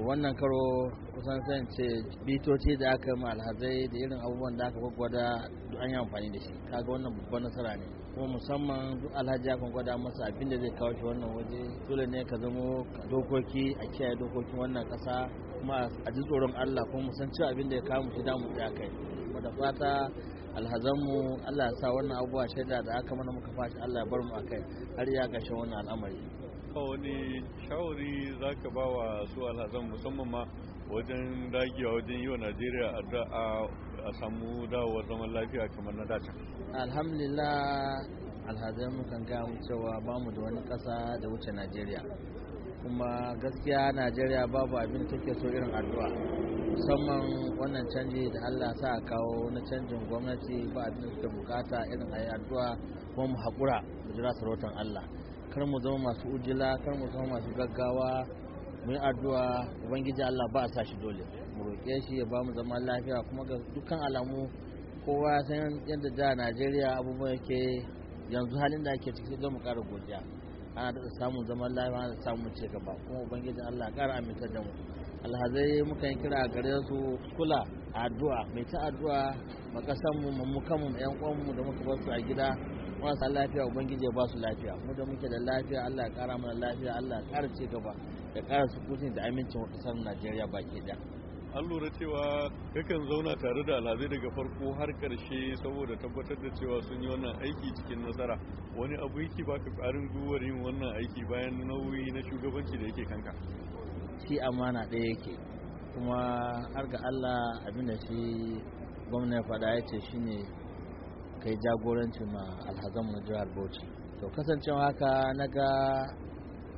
wannan karo kusan sayan ce bitoci da aka ma alhazai da irin abubuwan da aka gwagwada an yi amfani da shi kaga wannan babban nasara ne kuma musamman alhaji ya gwada masa abin da zai kawo shi wannan waje dole ne ka zamo dokoki a kiyaye dokokin wannan kasa kuma a ji tsoron Allah kuma mu san cewa abin da ya kawo mu shi damu ya kai da fata alhazanmu Allah ya sa wannan abubuwa shaida da aka mana muka fashi Allah ya bar mu a kai har ya gashin wannan al'amari a wani shawari za ka ba wa su alhazan musamman ma wajen dagewa wajen yi wa najeriya addu'a a samu dawowar zaman lafiya kamar na dace alhamdulillah alhazan mukan gaya mu cewa ba mu da wani ƙasa da wuce najeriya kuma gaskiya najeriya babu abin take so irin addu'a musamman wannan canji da allah sa a kawo na canjin gwamnati ba abin da bukata irin a yi addu'a kuma mu haƙura mu jira sarautar allah kar mu zama masu ujila kar mu zama masu gaggawa mu yi addu'a ubangiji Allah ba a sa shi dole mu roƙe shi ya ba mu zama lafiya kuma ga dukkan alamu kowa san yadda da Najeriya abubuwa yake yanzu halin da ake ciki sai mu ƙara godiya ana da samun zaman lafiya ana samun cigaba kuma ubangiji Allah ƙara aminta da mu alhazai muka yi kira gare su kula addu'a mai ta addu'a ma kasan mu mu kanmu yan uwan da muka basu a gida sa lafiya ubangiji ya ba su lafiya mu da muke da lafiya Allah ya kara mana lafiya Allah ya kara ci gaba da kara sukutin da amincin kasar Najeriya baki da. an lura cewa kakan zauna tare da alhazai daga farko har karshe saboda tabbatar da cewa sun yi wannan aiki cikin nasara wani abu yake baka ƙarin gwiwar yin wannan aiki bayan nauyi na shugabanci da yake kanka shi amana ɗaya yake kuma har ga allah abinda shi gwamna ya faɗa ya ce shine kai jagoranci ma alhazan jihar bauchi to kasancewa haka na ga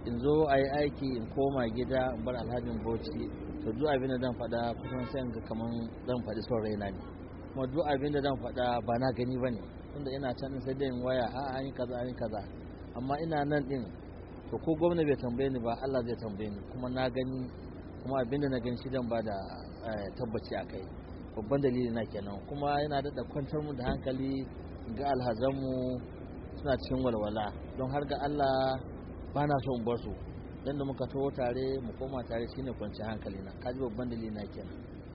in zo a yi aiki in koma gida in bar alhajin bauchi to duk abin da zan faɗa kusan sai ga kamar zan faɗi son raina ne kuma duk abin da zan faɗa ba na gani ba ne tunda ina can sai dai in waya a an yi kaza an yi kaza amma ina nan din to ko gwamna bai tambaye ni ba Allah zai tambaye ni kuma na gani kuma abinda na gani shidan ba da eh, tabbaci a kai babban dalili na kenan kuma yana da kwantar mu da hankali ga alhazanmu suna cikin walwala don har ga Allah ba na son bar su dan da muka taho tare mu koma tare shine kwanci hankali na kaji babban dalili na kenan